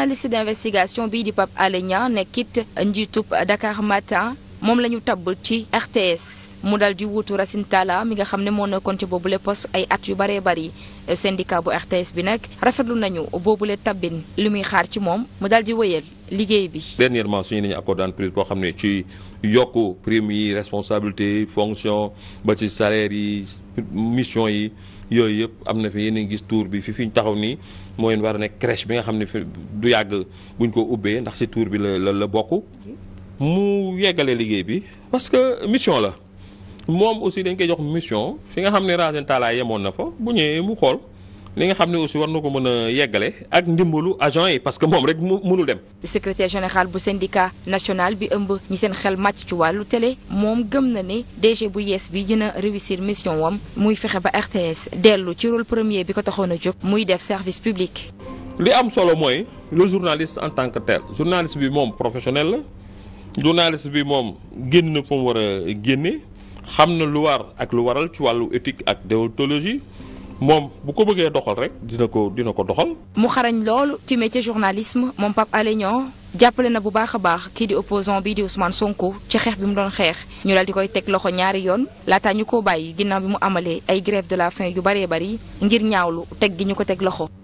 journaliste d'investigation bii di Pape Alé Niang nekkit njiitub Dakar Matin moom la ñu tabb ci RTS mu dal di wuutu Racine Talla mi nga xam ne moo nekkoon ci boobule poste ay at yu baree bari syndicat bu RTS bi nag rafetlu nañu boobule tabbin li muy xaar ci moom mu dal di wëyal liggéey bi. dernièrement suñu nañu accord d'entreprise boo xam ne ci yokku prime yi responsabilité fonction ba ci salaire yi mission yi yooyu yëpp am na fi yéen gis tour bi fi fi ñu taxaw nii mooy war a nekk crèche bi nga xam ne fi du yàgg buñ ko ubbee ndax si tour bi la la la bokk. mu yeggale liggéey bi parce que mission la moom aussi dañ koy jox mission fi nga xam ne Racine Talla yemoon na fa bu ñëwee mu xool. li nga xam ne aussi war na ko mën a yeggale ak ndimbalu agent yi parce que moom rek mu mënul dem. secretaire général bu syndicat national bi ëmb ñi seen xel màcc ci wàllu télé moom gëm na ni DG bu yees bi dina réussir mission wam muy fexe ba RTS dellu ci rôle premier bi ko taxoon a jóg muy def service public. li am solo mooy le journaliste en tant que tel journaliste bi moom professionnel la journaliste bi moom génn na fa war a génne xam na lu war ak lu waral ci wàllu éthique ak déontologie. moom bu ko bëggee doxal rek dina ko dina ko doxal. mu xarañ lool ci métier journalisme moom Pape Alé Niang jàppale na bu baax a baax kii di opposon bii di Ousmane Sonko ci xeex bi mu doon xeex ñu daal di koy teg loxo ñaari yoon laataa ñu ko bàyyi ginnaaw bi mu amalee ay grève de la faim yu baree bari ngir ñaawlu teg gi ñu ko teg loxo.